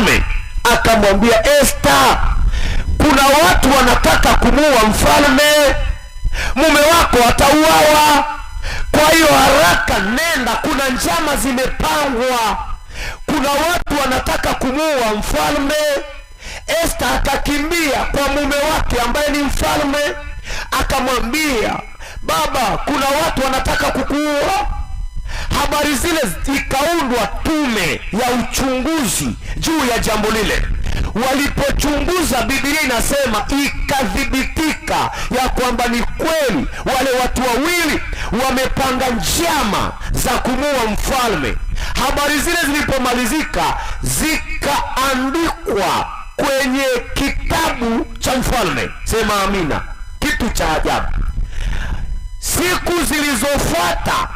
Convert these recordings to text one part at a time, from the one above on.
mfalme akamwambia Esta, kuna watu wanataka kumuua mfalme, mume wako atauawa. Kwa hiyo haraka nenda, kuna njama zimepangwa, kuna watu wanataka kumuua mfalme. Esta akakimbia kwa mume wake ambaye ni mfalme, akamwambia baba, kuna watu wanataka kukuua habari zile ikaundwa tume ya uchunguzi juu ya jambo lile. Walipochunguza, Biblia inasema ikathibitika ya kwamba ni kweli wale watu wawili wamepanga njama za kumua mfalme. Habari zile zilipomalizika, zikaandikwa kwenye kitabu cha mfalme. Sema amina. Kitu cha ajabu, siku zilizofuata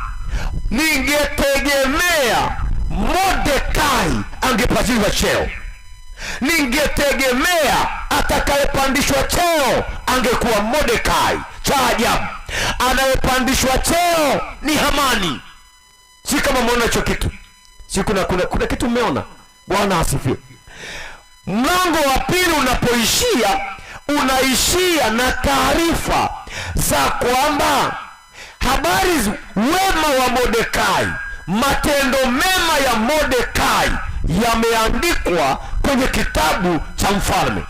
Ningetegemea modekai angepachizwa cheo, ningetegemea atakayepandishwa cheo angekuwa modekai Cha ajabu, anayepandishwa cheo ni Hamani. Si kama mmeona hicho kitu, si kuna, kuna, kuna kitu mmeona. Bwana asifiwe. Mlango wa pili unapoishia unaishia na taarifa za kwamba habari wema wa modekai matendo mema ya modekai yameandikwa kwenye kitabu cha mfalme.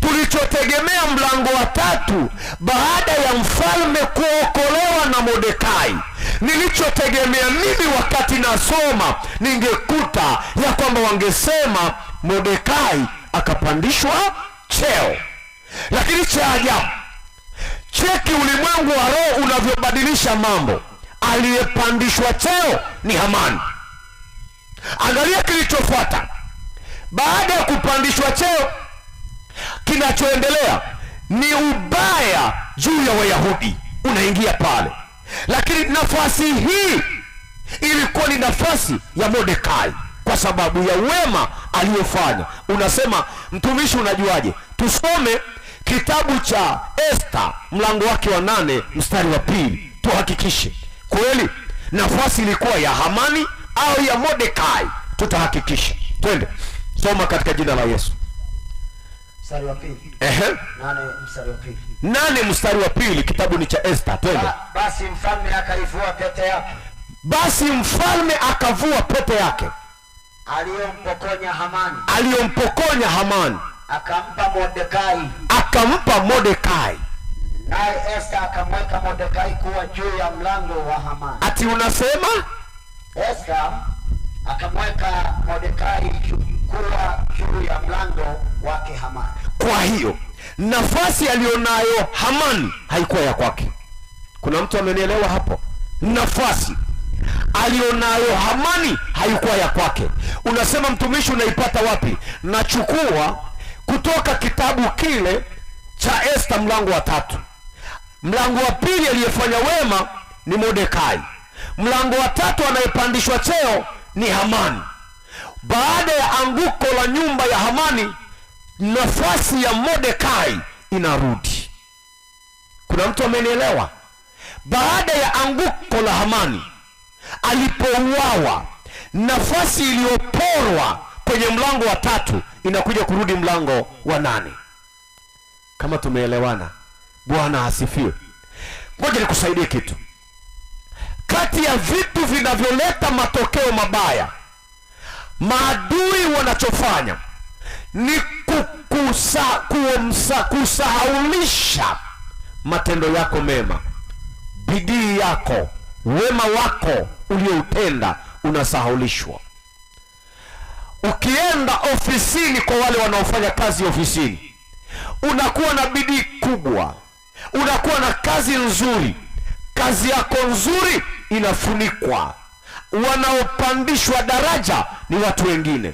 Tulichotegemea mlango wa tatu baada ya mfalme kuokolewa na modekai nilichotegemea mimi wakati nasoma, ningekuta ya kwamba wangesema modekai akapandishwa cheo, lakini cha ajabu Cheki ulimwengu wa roho unavyobadilisha mambo. Aliyepandishwa cheo ni Hamani. Angalia kilichofuata baada ya kupandishwa cheo, kinachoendelea ni ubaya juu ya Wayahudi unaingia pale, lakini nafasi hii ilikuwa ni nafasi ya Mordekai kwa sababu ya wema aliyofanya. Unasema mtumishi, unajuaje? Tusome Kitabu cha Esta mlango wake wa nane mstari wa pili, tuhakikishe kweli nafasi ilikuwa ya Hamani au ya Mordekai. Tutahakikisha, twende soma katika jina la Yesu. Mstari wa pili. Ehe. Nane mstari wa pili. Nane mstari wa pili, kitabu ni cha Esta, twende. Basi mfalme akaivua pete yake. Basi mfalme akavua pete yake aliyompokonya Hamani, aliyompokonya Hamani akampa Mordekai, akampa Mordekai naye Esther akamweka Mordekai kuwa juu ya mlango wa Hamani. Ati unasema Esther akamweka Mordekai kuwa juu ya mlango wake Hamani. Kwa hiyo nafasi aliyonayo Hamani haikuwa ya kwake. Kuna mtu amenielewa hapo? Nafasi alionayo Hamani haikuwa ya kwake. Unasema mtumishi, unaipata wapi? Nachukua kutoka kitabu kile cha Esta mlango wa tatu. Mlango wa pili aliyefanya wema ni Mordekai. Mlango wa tatu anayepandishwa cheo ni Hamani. Baada ya anguko la nyumba ya Hamani, nafasi ya Mordekai inarudi. Kuna mtu amenielewa? Baada ya anguko la Hamani alipouawa, nafasi iliyoporwa kwenye mlango wa tatu inakuja kurudi mlango wa nane. Kama tumeelewana, Bwana asifiwe. Ngoja nikusaidie kitu. Kati ya vitu vinavyoleta matokeo mabaya maadui wanachofanya ni kukusa, kuomsa, kusahaulisha matendo yako mema, bidii yako, wema wako ulioutenda unasahaulishwa. Ukienda ofisini, kwa wale wanaofanya kazi ofisini, unakuwa na bidii kubwa, unakuwa na kazi nzuri. Kazi yako nzuri inafunikwa. Wanaopandishwa daraja ni watu wengine.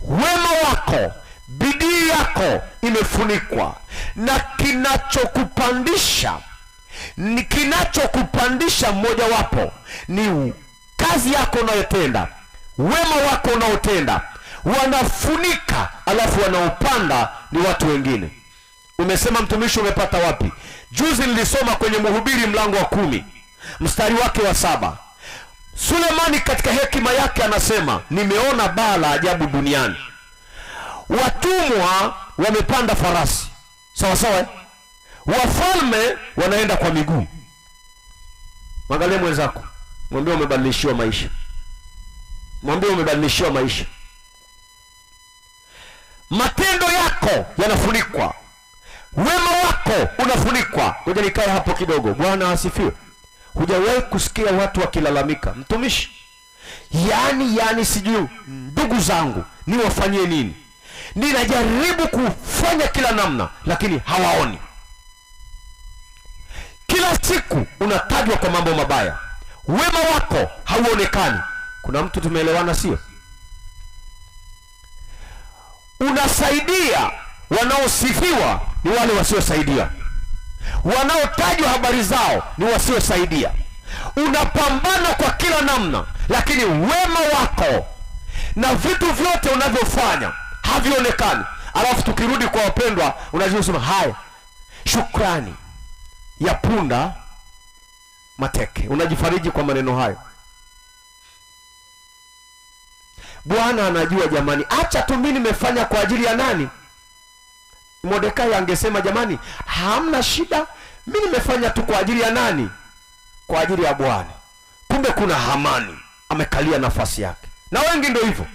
Wema wako, bidii yako imefunikwa na kinachokupandisha ni kinachokupandisha mmojawapo ni kazi yako unayotenda, wema wako unaotenda, wanafunika, alafu wanaopanda ni watu wengine. Umesema mtumishi, umepata wapi? Juzi nilisoma kwenye Mhubiri mlango wa kumi mstari wake wa saba Sulemani katika hekima yake anasema, nimeona baa la ajabu duniani, watumwa wamepanda farasi sawa sawa, eh? wafalme wanaenda kwa miguu. Mwangalie mwenzako, mwambie umebadilishiwa maisha, mwambie umebadilishiwa maisha matendo yako yanafunikwa, wema wako unafunikwa. Ngoja nikae hapo kidogo. Bwana asifiwe. Hujawahi kusikia watu wakilalamika, mtumishi, yaani yaani, sijui ndugu zangu niwafanyie nini, ninajaribu kufanya kila namna, lakini hawaoni. Kila siku unatajwa kwa mambo mabaya, wema wako hauonekani. Kuna mtu tumeelewana, sio? unasaidia wanaosifiwa ni wale wasiosaidia, wanaotajwa habari zao ni wasiosaidia. Unapambana kwa kila namna, lakini wema wako na vitu vyote unavyofanya havionekani. Alafu tukirudi kwa wapendwa, unajua haya, shukrani ya punda mateke, unajifariji kwa maneno hayo. Bwana anajua jamani, acha tu mimi nimefanya kwa ajili ya nani? Mordekai angesema jamani, hamna shida, mimi nimefanya tu kwa ajili ya nani? Kwa ajili ya Bwana. Kumbe kuna Hamani amekalia nafasi yake, na wengi ndio hivyo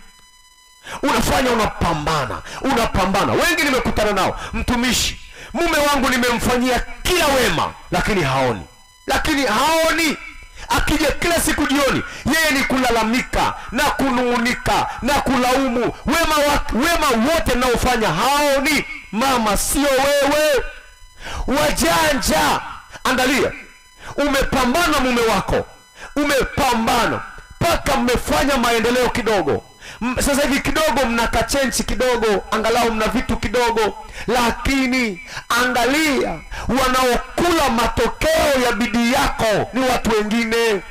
unafanya unapambana, unapambana. Wengi nimekutana nao, mtumishi, mume wangu nimemfanyia kila wema, lakini haoni, lakini haoni akija kila siku jioni, yeye ni kulalamika na kunung'unika na kulaumu. Wema, wema wote naofanya hao ni mama, sio wewe. Wajanja, angalia, umepambana mume wako, umepambana mpaka mmefanya maendeleo kidogo sasa hivi kidogo mna kachenchi kidogo, angalau mna vitu kidogo, lakini angalia, wanaokula matokeo ya bidii yako ni watu wengine.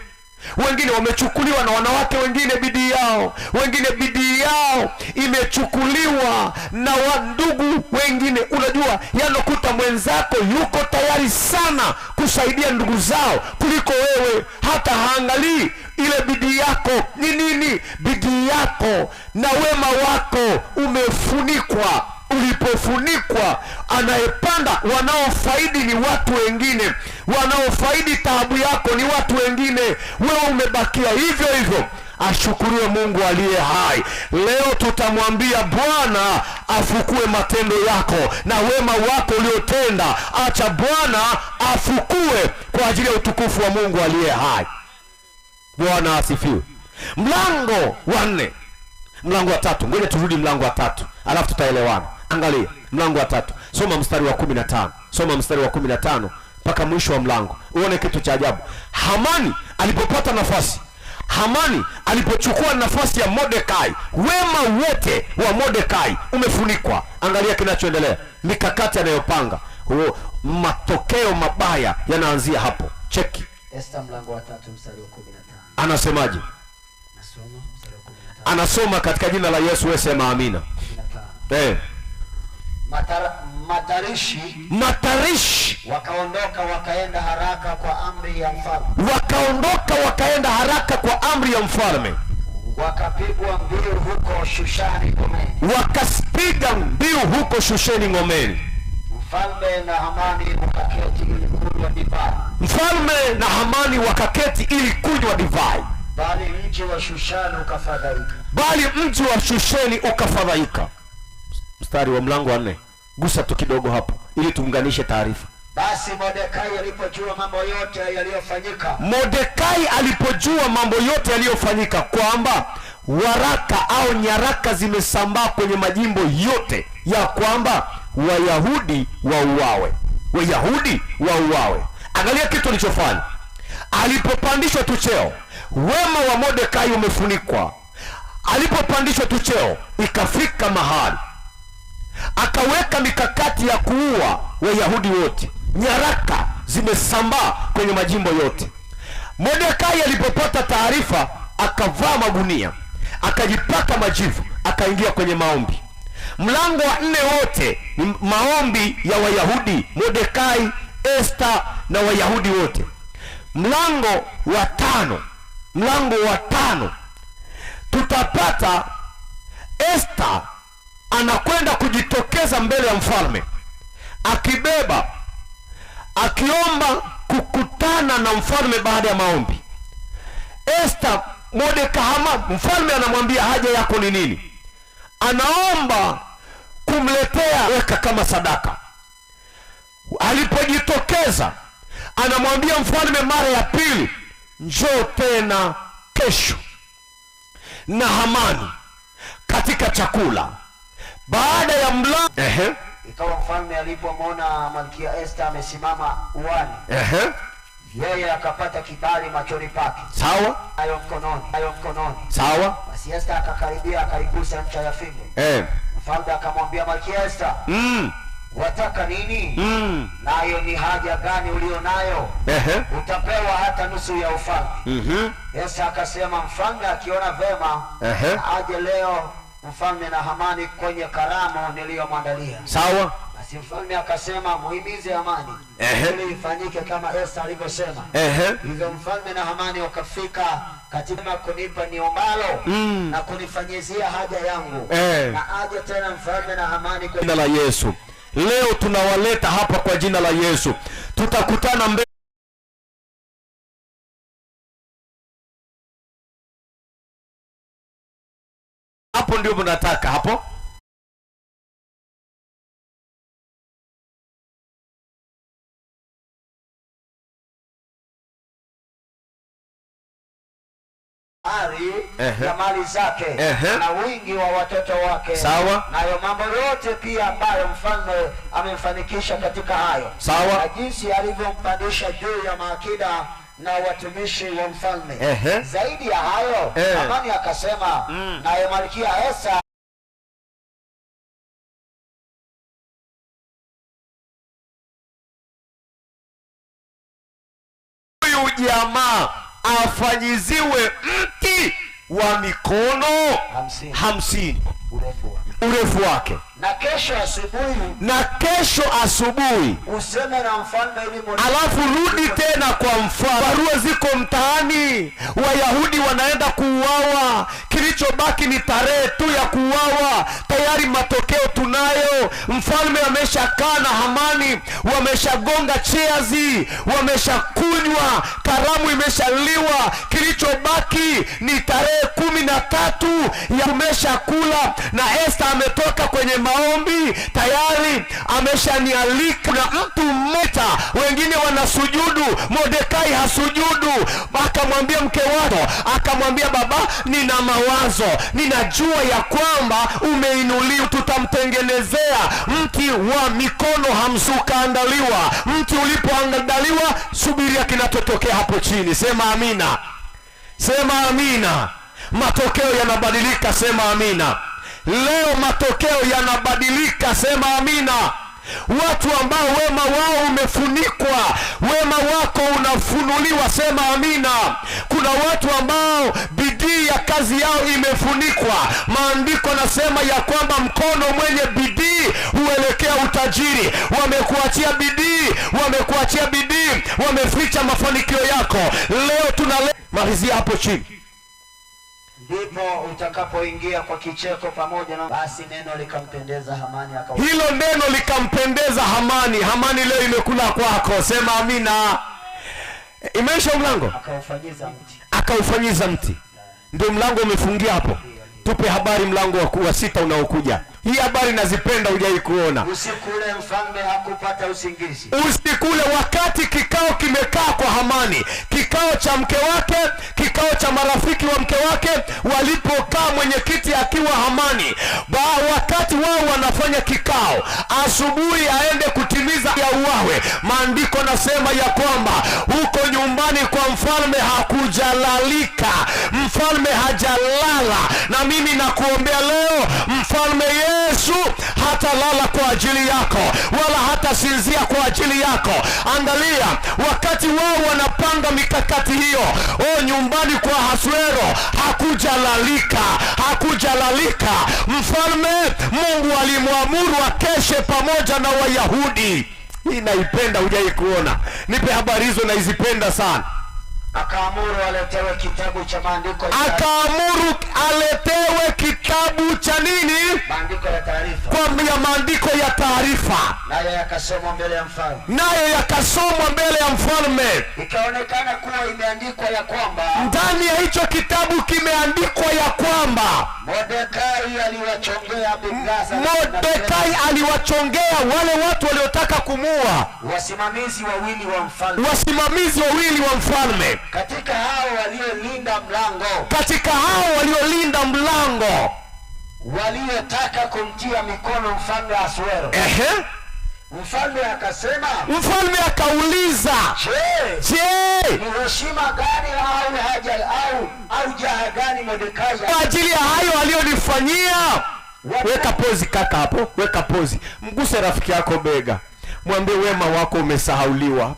Wengine wamechukuliwa na wanawake wengine, bidii yao, wengine bidii yao imechukuliwa na wandugu wengine. Unajua yanokuta mwenzako yuko tayari sana kusaidia ndugu zao kuliko wewe, hata haangalii ile bidii yako ni nini. Bidii yako na wema wako umefunikwa ulipofunikwa, anayepanda, wanaofaidi ni watu wengine, wanaofaidi taabu yako ni watu wengine, wewe umebakia hivyo hivyo. Ashukuriwe Mungu aliye hai. Leo tutamwambia Bwana afukue matendo yako na wema wako uliotenda. Acha Bwana afukue kwa ajili ya utukufu wa Mungu aliye hai. Bwana asifiwe. Mlango wa nne, mlango wa tatu. Ngoja turudi mlango wa tatu, alafu tutaelewana. Angalia mlango wa tatu, soma mstari wa kumi na tano soma mstari wa kumi na tano mpaka mwisho wa mlango uone kitu cha ajabu. Hamani alipopata nafasi, Hamani alipochukua nafasi ya Mordekai, wema wote wa Mordekai umefunikwa. Angalia kinachoendelea, mikakati anayopanga huo, matokeo mabaya yanaanzia hapo. Cheki Esta mlango wa tatu mstari wa 15, anasemaje? Anasoma katika jina la Yesu, wewe sema amina. Eh. Matar, matarishi, matarishi wakaondoka wakaenda haraka kwa amri ya mfalme, wakaondoka wakaenda haraka kwa amri ya mfalme, wakapigwa mbiu huko Shushani ngomeni, wakapiga mbiu huko Shusheni ngomeni. Mfalme na Hamani wakaketi ili kunywa divai, mfalme na Hamani wakaketi ili kunywa divai, bali mji wa Shushani ukafadhaika, bali mji wa Shusheni ukafadhaika mstari wa mlango wa nne. Gusa tu kidogo hapo ili tuunganishe taarifa. Basi modekai alipojua mambo yote yaliyofanyika, modekai alipojua mambo yote yaliyofanyika, kwamba waraka au nyaraka zimesambaa kwenye majimbo yote ya kwamba Wayahudi wauawe, Wayahudi wauawe. Angalia kitu alichofanya alipopandishwa tu cheo, wema wa modekai umefunikwa. Alipopandishwa tu cheo, ikafika mahali akaweka mikakati ya kuua Wayahudi wote. Nyaraka zimesambaa kwenye majimbo yote. Mordekai alipopata taarifa, akavaa magunia, akajipaka majivu, akaingia kwenye maombi. Mlango wa nne wote ni maombi ya Wayahudi, Mordekai, Esta na Wayahudi wote. Mlango wa tano, mlango wa tano tutapata Esta anakwenda kujitokeza mbele ya mfalme akibeba, akiomba kukutana na mfalme baada ya maombi. Esta Modekahama, mfalme anamwambia haja yako ni nini? Anaomba kumletea weka kama sadaka. Alipojitokeza anamwambia mfalme mara ya pili, njoo tena kesho na Hamani katika chakula baada ya mla ehe, ikawa mfalme alipomwona malkia Esther amesimama uani, ehe, yeye akapata kibali machoni pake, sawa, ayo mkononi, ayo mkononi, sawa. Basi Esther akakaribia, akaigusa ncha ya fimbo, eh, mfalme akamwambia malkia Esther, mm wataka nini? Mm. nayo ni haja gani ulio nayo Ehe. utapewa hata nusu ya ufalme. Mhm. Yesu akasema mfalme akiona vema, Ehe. aje leo mfalme na Hamani kwenye karamu niliyomwandalia. Sawa. Basi mfalme akasema muhimize amani ili ifanyike kama Esta alivyosema. Hivyo mfalme na Hamani wakafika katika kunipa niombalo mm. na kunifanyizia haja yangu Ehe. na aje tena mfalme na Hamani kwa jina la Yesu. Leo tunawaleta hapa kwa jina la Yesu, tutakutana mbele ndio mnataka hapo ya mali zake na wingi wa watoto wake, sawa, nayo mambo yote pia ambayo mfalme amemfanikisha katika hayo, sawa, na jinsi alivyompandisha juu ya maakida na watumishi wa mfalme. Ehe. Zaidi ya hayo Hamani eh. akasema mm. naye malkia Esta huyu jamaa afanyiziwe mti wa mikono hamsini hamsini urefu urefu wake, na kesho asubuhi, na kesho asubuhi useme na mfalme, alafu rudi tena kwa mfalme. Barua ziko mtaani, Wayahudi wanaenda kuuawa kilichobaki ni tarehe tu ya kuuawa. Tayari matokeo tunayo, mfalme ameshakaa na Hamani, wameshagonga cheazi, wameshakunywa, karamu imeshaliwa. Kilichobaki ni tarehe kumi na tatu ya umeshakula, na Esta ametoka kwenye maombi tayari, ameshanialika na mtu mmoja, wengine wanasujudu, modekai hasujudu. Akamwambia mke wako akamwambia baba, nina mawa mawazo ninajua ya kwamba umeinuliwa. Tutamtengenezea mti wa mikono hamsukaandaliwa Mti ulipoandaliwa, subiria kinachotokea hapo chini. Sema amina, sema amina. Matokeo yanabadilika, sema amina. Leo matokeo yanabadilika, sema amina watu ambao wema wao umefunikwa, wema wako unafunuliwa. Sema amina. Kuna watu ambao bidii ya kazi yao imefunikwa. Maandiko nasema ya kwamba mkono mwenye bidii huelekea utajiri. Wamekuachia bidii, wamekuachia bidii, wameficha mafanikio yako. Leo tuna malizia hapo chini ndipo utakapoingia kwa kicheko pamoja na basi. Neno likampendeza Hamani akawa, hilo neno likampendeza Hamani. Hamani leo imekula kwako, sema amina. Imeisha mlango, akaufanyiza mti, akaufanyiza mti. Ndio mlango umefungia hapo. Tupe habari mlango wa sita unaokuja. Hii habari nazipenda, hujai kuona. Usikule mfalme hakupata usingizi. Usikule wakati kikao kimekaa kwa Hamani, kikao cha mke wake, kikao cha marafiki wa mke wake, walipokaa mwenyekiti akiwa Hamani ba wakati wao wanafanya kikao, asubuhi aende kutimiza ya uwawe. Maandiko nasema ya kwamba huko nyumbani kwa mfalme hakujalalika, mfalme hajalala. Na mimi nakuombea leo mfalme ye Yesu hatalala kwa ajili yako wala hatasinzia kwa ajili yako. Angalia, wakati wao wanapanga mikakati hiyo, o nyumbani kwa Haswero hakujalalika, hakujalalika. Mfalme Mungu alimwamuru akeshe pamoja na Wayahudi. Hii naipenda, hujai kuona. Nipe habari hizo, naizipenda sana. Akaamuru aletewe kitabu cha maandiko, akaamuru aletewe kitabu cha nini? Maandiko ya taarifa, kwa ya maandiko ya taarifa, naye yakasomwa mbele ya mfalme, naye yakasomwa mbele ya mfalme. Ikaonekana kuwa imeandikwa ya kwamba, ndani ya hicho kitabu kimeandikwa ya kwamba Mordekai aliwachongea Bigtha, Mordekai aliwachongea wale watu waliotaka kumua, wasimamizi wawili wa mfalme, wasimamizi wawili wa mfalme katika hao waliolinda mlango, katika hao waliolinda mlango waliotaka kumtia mikono mfalme Asuero. Ehe, mfalme akasema, mfalme akauliza, je, ni heshima gani au haja au au jaha gani Mordekai kwa ajili ya hayo aliyonifanyia? Weka pozi kaka hapo, weka pozi, mguse rafiki yako bega, mwambie wema wako umesahauliwa.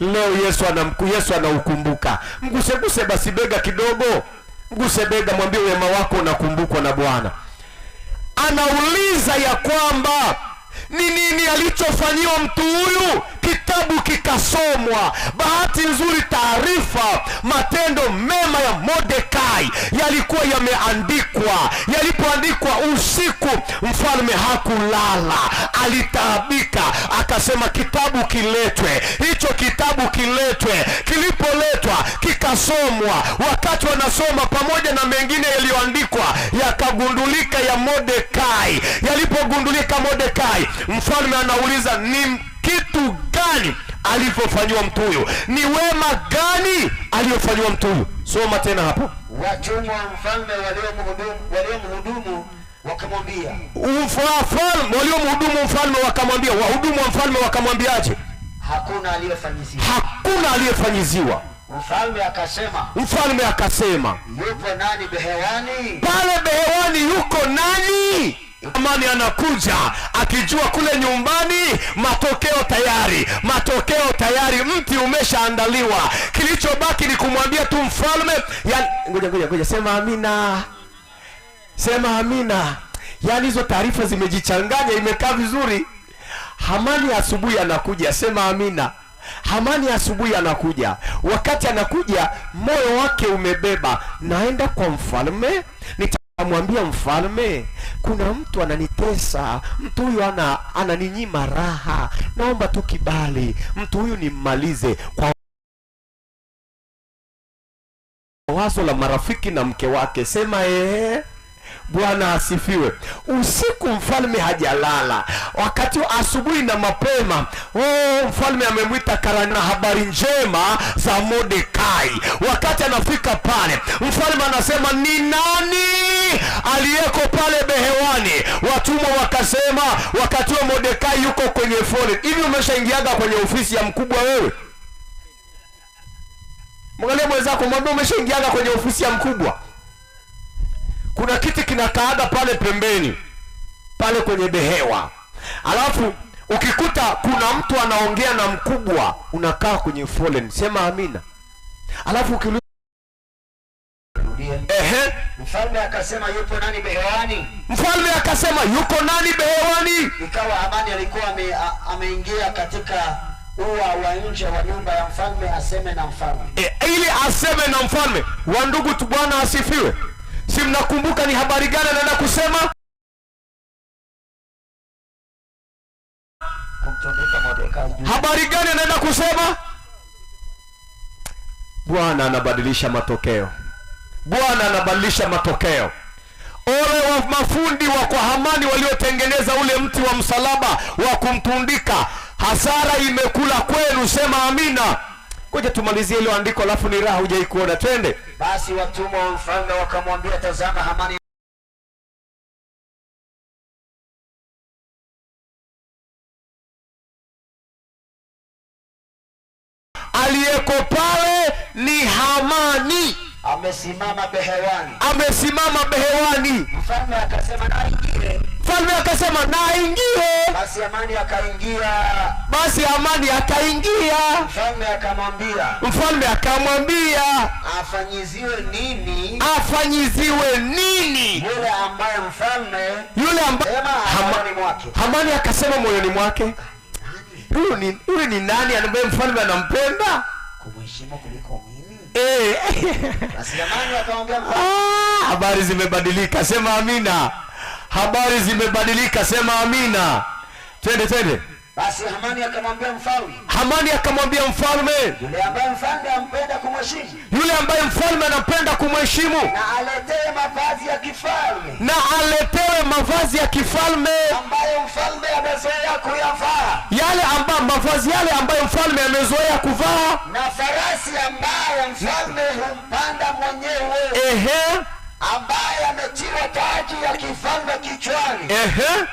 Leo Yesu ana Yesu anaukumbuka. Mguseguse basi bega kidogo, mguse bega, mwambie wema wako unakumbukwa na Bwana. Anauliza ya kwamba ni nini alichofanyiwa mtu huyu? Kitabu kikasomwa. Bahati nzuri, taarifa matendo mema ya modekai yalikuwa yameandikwa. Yalipoandikwa usiku, mfalme hakulala, alitaabika, akasema kitabu kiletwe. Hicho kitabu kiletwe, kilipoletwa kikasomwa. Wakati wanasoma, pamoja na mengine yaliyoandikwa, yakagundulika ya modekai Yalipogundulika modekai gani? Mfalme anauliza ni kitu gani alivyofanyiwa mtu huyo, ni wema gani aliyofanyiwa mtu huyo? Soma tena hapo. mfalme waliomhudumu wakamwambia, mfalme wakamwambia, wahudumu wa mfalme wakamwambiaje? Hakuna aliyefanyiziwa, hakuna aliyefanyiziwa. Mfalme akasema, mfalme akasema, yupo nani behewani? Pale behewani yuko nani? Amani anakuja akijua kule nyumbani matokeo tayari, matokeo tayari, mti umeshaandaliwa. Kilichobaki ni kumwambia tu mfalme ngoja ngoja ngoja, sema amina, sema amina. Yaani hizo taarifa zimejichanganya, imekaa vizuri. Hamani asubuhi anakuja, sema amina. Hamani asubuhi anakuja. Wakati anakuja, moyo wake umebeba, naenda kwa mfalme nita Amwambia mfalme, kuna mtu ananitesa, mtu huyu ana ananinyima raha, naomba tu kibali, mtu huyu nimmalize kwa wazo la marafiki na mke wake. Sema ee. Bwana asifiwe. Usiku mfalme hajalala, wakati wa asubuhi na mapema, oh, mfalme amemwita karani habari njema za Mordekai. Wakati anafika pale, mfalme anasema ni nani aliyeko pale behewani? Watumwa wakasema, wakati wa Mordekai yuko kwenye foreign. Hivi umeshaingiaga kwenye ofisi ya mkubwa wewe? Mwangalie mwenzako, mwambie umeshaingiaga kwenye ofisi ya mkubwa kuna kiti kinakaaga pale pembeni pale kwenye behewa, alafu ukikuta kuna mtu anaongea na mkubwa, unakaa kwenye foleni. Sema amina. Alafu ukirudia, ehe, mfalme akasema yupo nani behewani? Mfalme akasema yuko nani behewani? Ikawa amani alikuwa ame, ameingia katika ua wa nje wa nyumba ya mfalme aseme na mfalme e, ili aseme na mfalme. wa ndugu tu, Bwana asifiwe. Si mnakumbuka ni habari gani anaenda kusema? Habari gani anaenda kusema? Bwana anabadilisha matokeo. Bwana anabadilisha matokeo. Ole wa mafundi wa kwa Hamani waliotengeneza ule mti wa msalaba wa kumtundika. Hasara imekula kwenu, sema amina. Ngoja tumalizie ile andiko, alafu ni raha hujaikuona, kuona. Twende basi. Watumwa wa mfalme wakamwambia, tazama Hamani amesimama behewani, amesimama behewani. Mfalme akasema na ingie, mfalme akasema na ingie. Basi amani akaingia, basi amani akaingia. Mfalme akamwambia, mfalme akamwambia afanyiziwe nini? Afanyiziwe nini? Yule ambaye mfalme yule ambaye Hamani akasema moyoni mwake, huyu ni huyu ni nani ambaye mfalme anampenda kumheshimu kuliko mimi? Eh. Ah, habari zimebadilika, sema amina. Habari zimebadilika, sema amina. Twende, twende. Basi Hamani akamwambia mfalme Hamani akamwambia mfalme, yule ambaye mfalme anapenda kumheshimu, na aletewe mavazi ya kifalme, yale ambayo mavazi yale ambayo mfalme amezoea kuvaa, na farasi ambayo mfalme humpanda mwenyewe, ehe, ambaye ametiwa taji ya kifalme kichwani, ehe,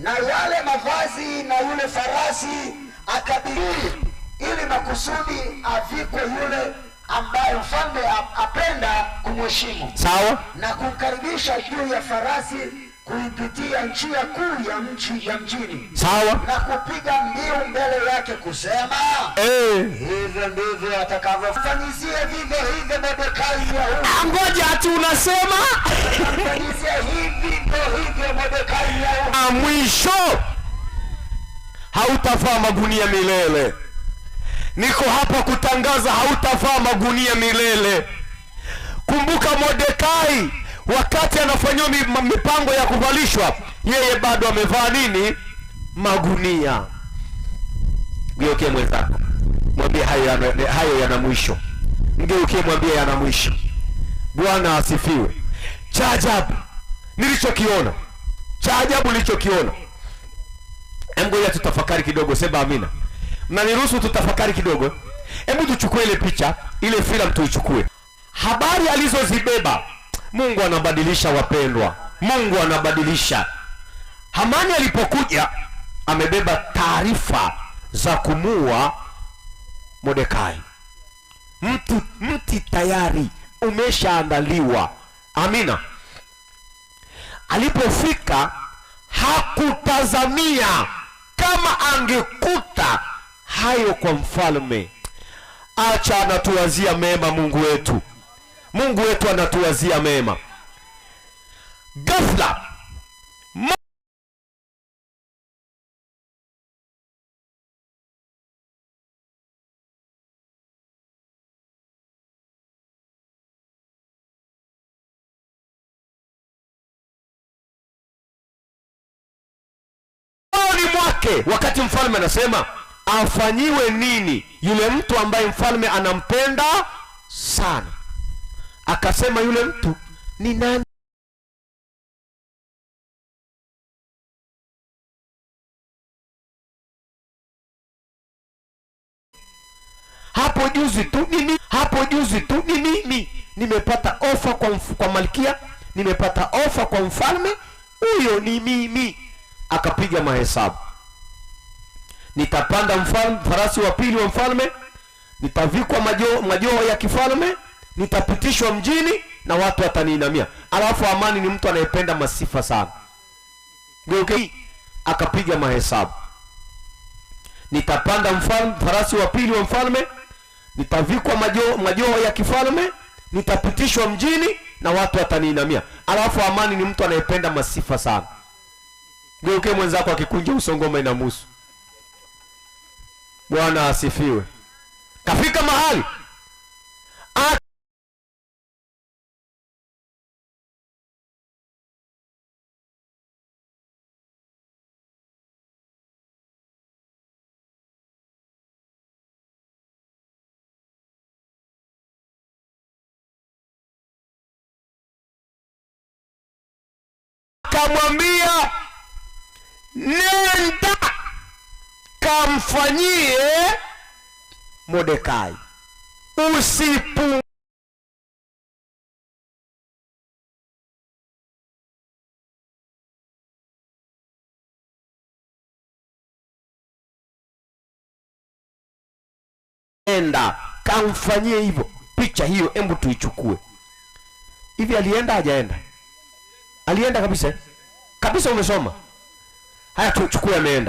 na yale mavazi na yule farasi akabiri ili makusudi avikwe yule ambaye mfalme apenda kumheshimu, sawa, na kumkaribisha juu ya farasi kuipitia njia kuu ya mji ya mjini sawa, na kupiga mbio mbele yake kusema hey, eh. hivi ndivyo atakavyofanyizia vivyo hivyo Mordekai Myahudi. Ah, ngoja ati unasema hivi ndivyo hivyo Mordekai ah, Myahudi mwisho hautavaa magunia milele. Niko hapa kutangaza hautavaa magunia milele. Kumbuka modekai wakati anafanyiwa mipango ya kuvalishwa, yeye bado amevaa nini? Magunia. Mgeukie mwenzako mwambie hayo yana mwisho. Mgeukie mwambie yana mwisho. Bwana asifiwe. Cha ajabu nilichokiona, cha ajabu nilichokiona Hebu ya tutafakari kidogo, sema amina. Mnaniruhusu tutafakari kidogo? Hebu tuchukue ile picha, ile filamu tuichukue. Habari alizozibeba Mungu anabadilisha, wapendwa, Mungu anabadilisha. Hamani alipokuja amebeba taarifa za kumua Mordekai. Mtu mti tayari umeshaandaliwa, amina. Alipofika hakutazamia kama angekuta hayo kwa mfalme, acha anatuwazia mema Mungu wetu. Mungu wetu anatuwazia mema. Ghafla yake, wakati mfalme anasema afanyiwe nini yule mtu ambaye mfalme anampenda sana? Akasema yule mtu ni nani? Hapo juzi tu mimi, hapo juzi tu ni mimi nimepata ofa kwa, kwa malkia nimepata ofa kwa mfalme, huyo ni mimi. Akapiga mahesabu nitapanda mfalme, farasi wa pili wa mfalme, nitavikwa majoho majo ya kifalme, nitapitishwa mjini na watu wataniinamia. Alafu Amani ni mtu anayependa masifa sana, okay. akapiga mahesabu, nitapanda mfalme, farasi wa pili wa mfalme, nitavikwa majoho majo ya kifalme, nitapitishwa mjini na watu wataniinamia. Alafu Amani ni mtu anayependa masifa sana, geuke mwenzako, akikunja usongoma inamusu Bwana asifiwe. Kafika mahali At akamwambia nenda ukamfanyie Mordekai. Usipu enda kamfanyie hivyo. Picha hiyo hebu tuichukue. Hivi alienda hajaenda? Alienda kabisa eh? kabisa, umesoma haya, tuchukue ameenda.